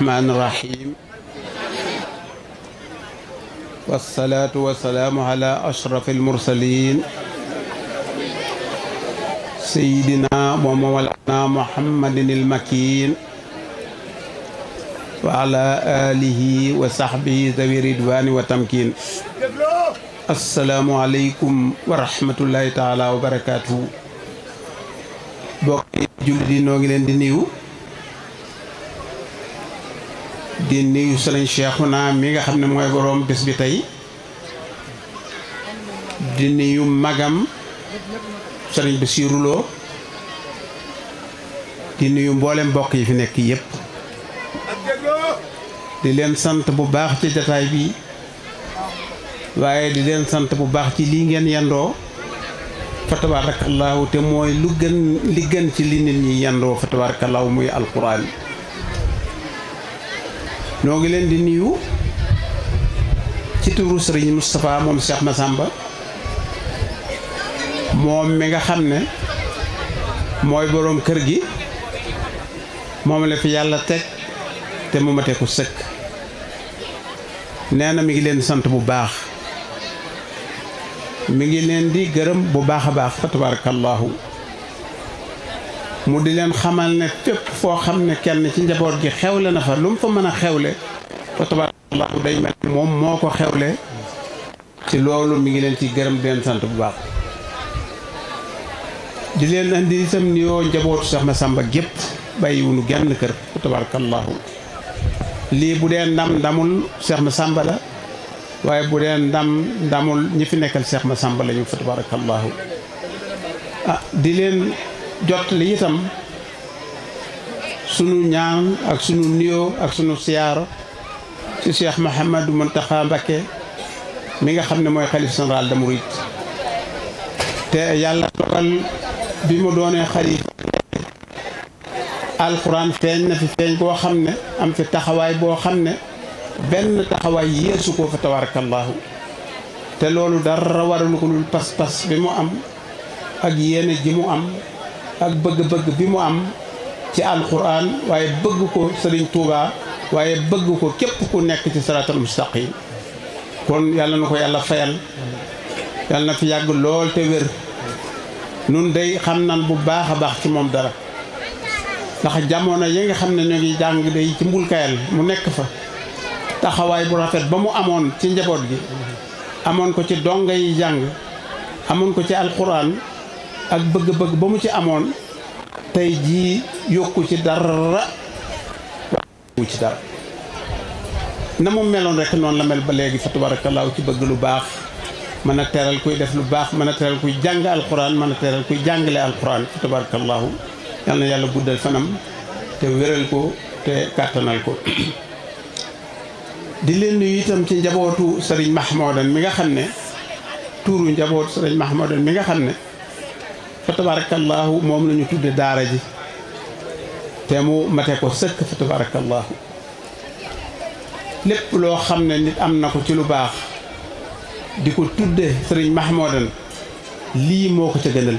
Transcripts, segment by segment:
الرحمن الرحيم والصلاة والسلام على أشرف المرسلين سيدنا ومولانا محمد المكين وعلى آله وصحبه ذوي رضوان وتمكين السلام عليكم ورحمة الله تعالى وبركاته بقي جلدي نوغلين دي di nuyu sëriñ Cheikhouna mi nga xam ne mooy boroom bés bi tey di magam sëriñ Bassirou Lo di nuyu mboolem mbokk yi fi nekk yépp di leen sant bu baax ci jataay bi waaye di leen sant bu baax ci lii ngeen yendoo fa tabaarakallaahu te mooy lu gën li gën ci li nit ñi yendoo fa tabaarakallaahu muy alquraan noo ngi leen di nuyu ci turu Serigne Moustapha moom Cheikh Massamba moom mi nga xam ne mooy boroom kër gi moom la fi yàlla teg te mu mate ko sëkk nee na mi ngi leen sant bu baax mi ngi leen di gërëm bu baax a baax fa tabarakallahu mu di leen xamal ne fépp foo xam ne kenn ci njaboot gi xewle na fa lu mu fa mën a xewle fa tabaarakallaahu day mel moom moo ko xewle ci loolu mu ngi leen ci gërëm di leen sant bu baax di leen andi itam nuyoo njabootu sax ma sàmba gépp bàyyiwunu genn kër fa tabaarakallaahu lii bu dee ndam ndamul Cheikh ma sàmba la waaye bu dee ndam ndamul ñi fi nekkal seex ma sàmba lañu ñu tabaarakallaahu ah, di leen jot itam sunu ñaan ak sunu nuyoo ak sunu siyaara ci Cheikh Mouhamadou Mountakha Mbacké mi nga xam ne mooy xalif général des mourides te yàlla dogal bi mu doonee xalif alxuraan feeñ na fi feeñ boo xam ne am fi taxawaay boo xam ne benn taxawaay yeesu ko fa tabaarakallaahu te loolu dara waralu ko lul pas-pas bi mu am ak yenn ji mu am ak bëgg-bëgg bi mu am ci alquran waaye bëgg ko sëriñ Touba waaye bëgg ko képp ku nekk ci saraatal mustaqim kon yàlla na ko yàlla fayal yàlla na fi yàgg lool te wér nun day xam nan bu baax a baax ci moom dara ndax jamono yi nga xam ne ñoo ngi jàng day ci mbulkayal mu nekk fa taxawaay bu rafet ba mu amoon ci njaboot gi amoon ko ci donga yi jàng amoon ko ci alquran ak bëgg-bëgg ba mu ci amoon tey jii yokku ci dara yokku ci dara na mu meloon rek noonu la mel ba léegi fa tabarakallahu ci bëgg lu baax mën a teral kuy def lu baax mën a teral kuy jàng alquran mën a teral kuy jàngale alquran fa tabarakallahu yal na yàlla guddal fanam te wéral ko te kàttanal ko di leen nuyu itam ci njabootu sëriñ Mahmoudan mi nga xam ne tuuru njabootu sëriñ Mahmoudan mi nga xam ne fa tabarakallahu moom la tuddee daara ji te mu mate ko sëkk fa tabarakallahu lépp loo xam nit am na ko ci lu baax di ko tudde sëriñ Mahmoudan lii moo ko ca gënal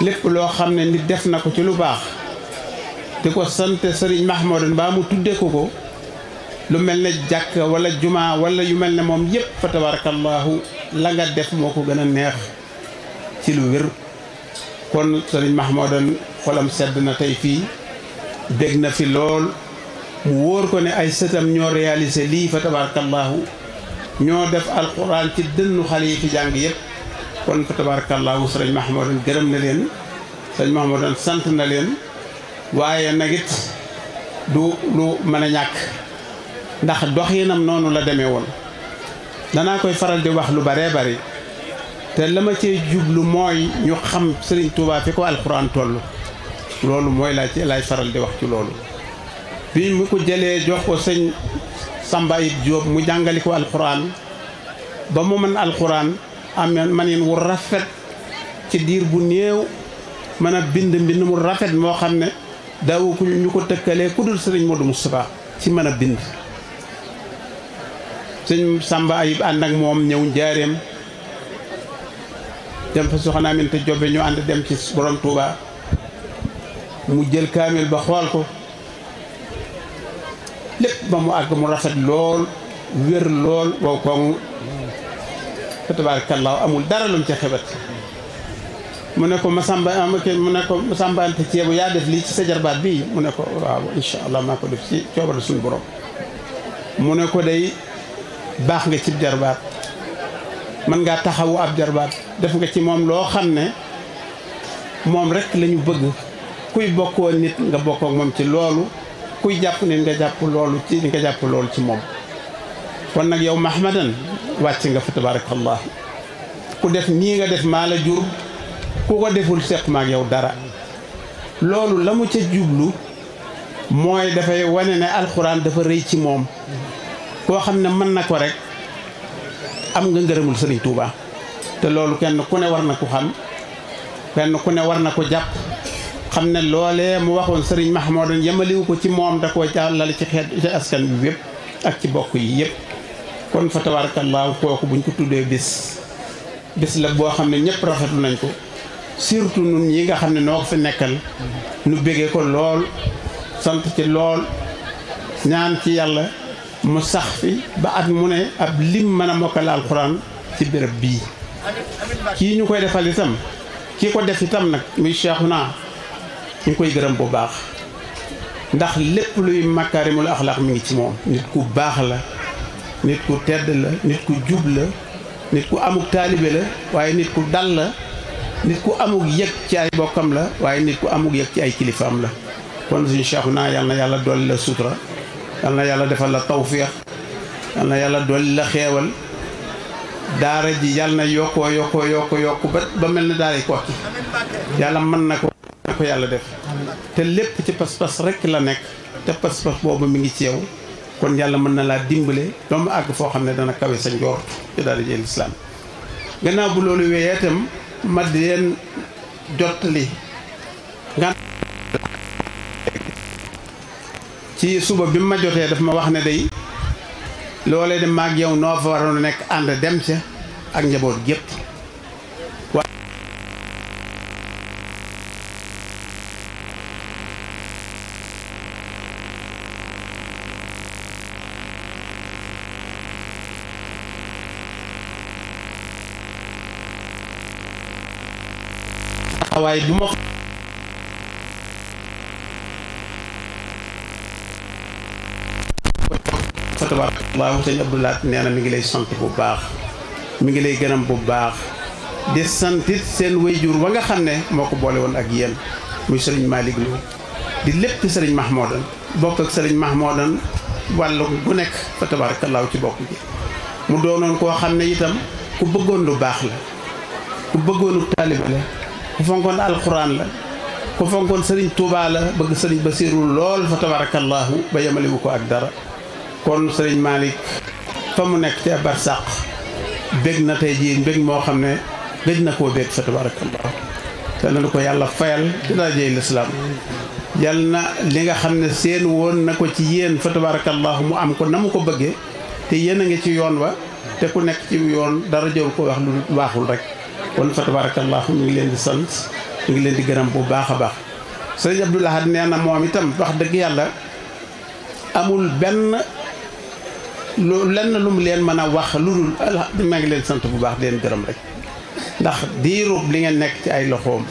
lépp loo xam ne nit def na ci lu baax di ko sant Mahmoudan baa mu tudde ko ko lu mel jàkk wala juma wala yu mel ne moom yépp fa tabarakallahu la nga def moo ko neex ci lu wér kon sëriñ Mahmoudan xolam sedd na tey fii bég na fi lool mu wóor ko ne ay sëtam ñoo réalisé lii fa ñoo def alquran ci dënnu yi fi jàng yëpp kon fa tabarakallahu gërëm leen sëriñ sant na leen waaye nag it du lu mën a ñàkk ndax dox yi doxinam noonu la demee woon danaa koy faral di wax lu baree bari te la ma jublu mooy ñu xam Serigne Touba fi ko alxuraan toll loolu mooy ci laay faral di wax ci loolu bi mu ko jëlee jox ko sëñ Samba Yip Jóob mu jàngali ko alxuraan ba mu mën alxuraan amee manin wu rafet ci diir bu néew mën a bind mbind mu rafet moo xam ne daawu ku ñu ko tëkkalee ku dul sëriñ Modou Moustapha ci mën a bind sëñ Samba Ayib ànd ak moom ñëw njaareem dem fa soxna Aminata Jobe ñu ànd dem ci borom Touba mu jël kaamil ba xool ko lépp ba mu àgg mu rafet lool wér lool wow koŋ fa tabaarakallaahu amul dara lu ci ca mu ne ko Masamba ah, mu ne ko Masamba Anta Ceebu yaa def lii ci sa jarbaat bii mu ne ko waaw incha allah maa ko def ci coobara suñu borom mu ne ko day baax nga cib jarbaat mën ngaa taxawu ab jarbaat def nga ci moom loo xam ne moom rek lañu bëgg kuy bokkoo nit nga bokkook moom ci loolu kuy jàpp nit nga jàpp loolu ci nga jàpp loolu ci moom kon nag yow mahmadan wàcc nga fa tabarakallah ku def nii nga def maa la jur ku ko deful seq maak yow dara loolu la mu ca jublu mooy dafay wane ne alxuraan dafa rëy ci moom koo xam ne mën na ko rek am nga ngërëmul sëriñ Tuuba te loolu kenn ku ne war na ko xam kenn ku ne war na ko jàpp xam ne loolee mu waxoon sëriñ Mahmoudan yemaliwu ko ci moom da koo jàllale ci xeet ci askan bi yëpp ak ci bokk yi yëpp kon fa tabaarakallaahu kooku buñ ko tuddee bis bis la boo xam ne ñëpp rafetlu nañ ko surtout nun ñi nga xam ne noo ko fi nekkal nu béggee ko lool sant ci lool ñaan ci yàlla mu sax fi ba at mu ne ab lim mën a mokkal alxuraan ci béréb bii kii ñu koy defal itam kii ko def itam nag muy Cheikhouna ñu koy gërëm bu baax ndax lépp luy makarimul akhlaq mi ngi ci moom nit ku baax la nit ku tedd la nit ku jub la nit ku amuk taalibe la waaye nit ku dal la nit ku amuk yëg ci ay bokkam la waaye nit ku amuk yëg ci ay kilifaam la kon suñu cheikh naa yal na yàlla dolli la sutura yal na yàlla defal la tawfiix yal na yàlla dolli la xeewal daara ji yal na yokkoo yokkoo yokkoo yokku ba ba mel ne daara yi yàlla mën na ko ko yàlla def te lépp ci pas-pas rek la nekk te pas-pas boobu mi ngi ci yow kon yàlla mën na laa dimbale ba mu àgg foo xam ne dana kawe sa njoor ci daal di jël islam gannaaw bu loolu wéyee itam ma di leen nga ci suba bi ma jotee daf ma wax ne day loolee de maag yow noo fa waroon a nekk ànd dem ca ak njaboot gépp waaye bu ma fa tabarakallahu sëñ Abdoulaat nee na mi ngi lay sant bu baax mu ngi lay gërëm bu baax di santit seen wéyjur wa nga xam ne moo ko boole woon ak yéen muy sëriñ Malick di lépp sëriñ Mahmoudan bokk ak sëriñ Mahmoudan wàllu gu nekk fa tabarakallahu ci bokk gi mu doonoon koo xam ne itam ku bëggoon lu baax la ku bëggoonu taalibe ku fonkoon alquran la ku fonkoon sëriñ Touba la bëgg sëriñ Basiiru lool fa tabarakallahu ba yemaliwu ko ak dara kon sëriñ Malick fa mu nekk ci ca barsàq bég na tey jii bég moo xam ne gëj na koo bég fa tabarakallahu te na ko yàlla fayal di darajey lislaam yal na li nga xam ne seen woon na ko ci yéen fa tabarakallahu mu am ko na mu ko bëggee te yéen a ngi ci yoon wa te ku nekk ci yoon dara jëw ko wax lu baaxul rek kon fa tabarakallah ñu ngi leen di sant ñu ngi leen di gëram bu bah. baax serigne abdullah neena mom itam wax deug yalla amul ben lu len lu mu leen mën a wax lu dul ma ngi leen sant bu baax di leen gërëm rek ndax diirub li ngeen nek ci ay loxom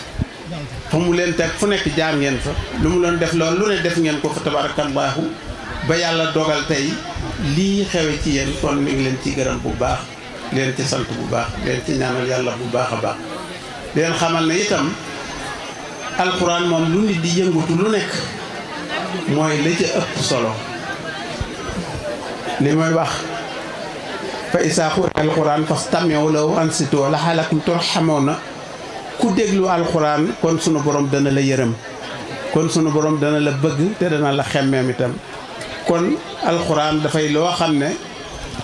fu mu leen tek fu nek jaar ngeen fa lu mu leen def lool lu ne def ngeen ko fa tabarakallah ba yalla dogal tay lih xewé ci yeen kon mi ngi leen ci gëram bu baax leen ci sant bu baax leen ci ñaanal yàlla bu baax a baax leen xamal na itam alxuraan moom lu nit di yëngutu lu nekk mooy la ca ëpp solo li mooy wax fa isaa xuri alxuraan fas tàmmeew la wu ansitoo la xamoon na ku déglu alxuraan kon sunu borom dana la yërëm kon sunu borom dana la bëgg te dana la xemmeem itam kon alxuraan dafay loo xam ne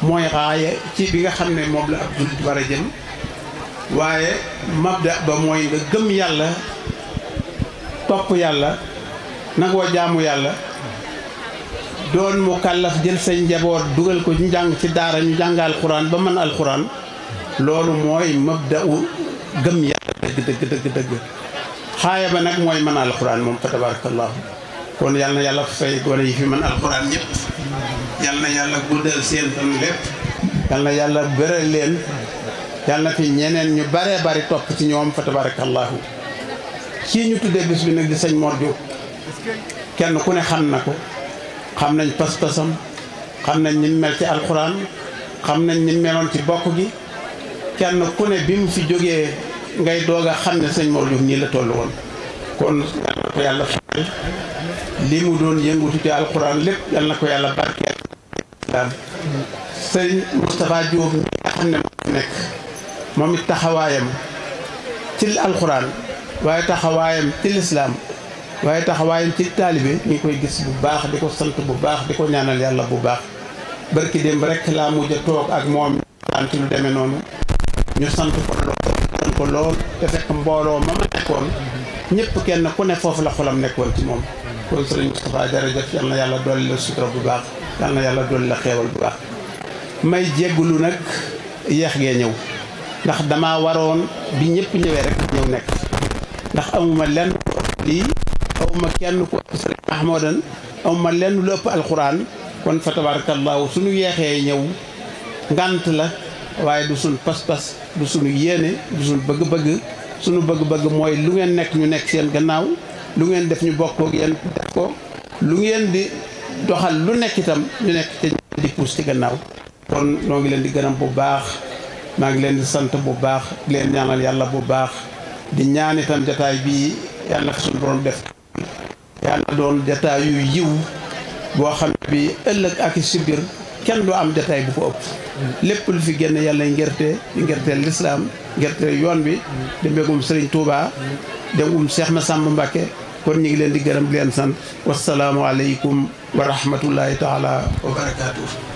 mooy xaaye ci bi nga xam ne moom la ab jullit war a jëm waaye mab mabda ba mooy nga gëm yàlla topp yàlla nangoo jaamu yàlla doon mu kàllaf jël say njaboot dugal ko ñu jàng ci daara ñu jàng alxuraan ba mën alxuraan loolu mooy mabda u gëm yàlla dëgg dëgg dëgg dëgg ba nag mooy mën alxuraan moom fa tabarakallahu kon yàlla na yàlla fay gone yi fi mën alxuraan ñëpp yal na yàlla guddal seen fan lépp yal na yàlla bëral leen yal na fi ñeneen ñu baree bari topp ci ñoom fa tabarakallahu kii ñu tuddee bis bi nag di sëñ Mor Diop kenn ku ne xam na ko xam nañ pas-pasam xam nañ ni mel ci alxuraan xam nañ ni meloon ci bokk gi kenn ku ne bi mu fi jógee ngay doog a xam ne sëñ Mor Diop nii la toll woon kon yàlla ko yàlla fay li mu doon yëngutu ci alxuraan lépp yàlla na ko yàlla barkeel waaw sëñ Moustapha Diouf mi nga xam ne moo nekk moom it taxawaayam ci alxuraan waaye taxawaayam ci lislaam waaye taxawaayam ci taalibe ñu ngi koy gis bu baax di ko sant bu baax di ko ñaanal yàlla bu baax barki démb rek laa mujj a toog ak moom daan ci lu demee noonu ñu sant ko lool sant ko lool te fekk mbooloo ma ma nekkoon ñëpp kenn ku ne foofu la xolam nekkoon ci moom kon sëriñ Moustapha jërëjëf yal na yàlla dolli la sutura bu baax yal na yàlla doon la xeewal bu baax may jéggulu nag yeex gee ñëw ndax dama waroon bi ñëpp ñëwee rek ñëw nekk ndax amuma lenn lu ëpp lii lenn lu ëpp alxuraan kon fa tabarakallahu suñu yeexee ñëw ngant la waaye du suñ pas-pas du suñu yéene du suñ bëgg-bëgg suñu bëgg-bëgg mooy lu ngeen nekk ñu nekk seen gannaaw lu ngeen def ñu bokk ak yéen ko lu ngeen di doxal lu nekk itam ñu nekk te di puus gannaaw kon ngi leen di gërëm bu baax maa ngi leen di sant bu baax leen ñaanal yàlla bu baax di ñaan itam jataay bii yàlla na suñu borom def yàlla doon jataay yu yiw boo xam bi ëllëg ak si biir kenn du am jataay bu ko ëpp lépp lu fi génn yàlla ngerte di ngerteel lislaam ngerteel yoon bi di mbégum Sëriñ Tuubaa di mbégum Seex Masàmba Mbàkke kon ñu ngi leen di gërëm di leen sant wasalaamualeykum wa rahmatullahi taala wa barakaatu.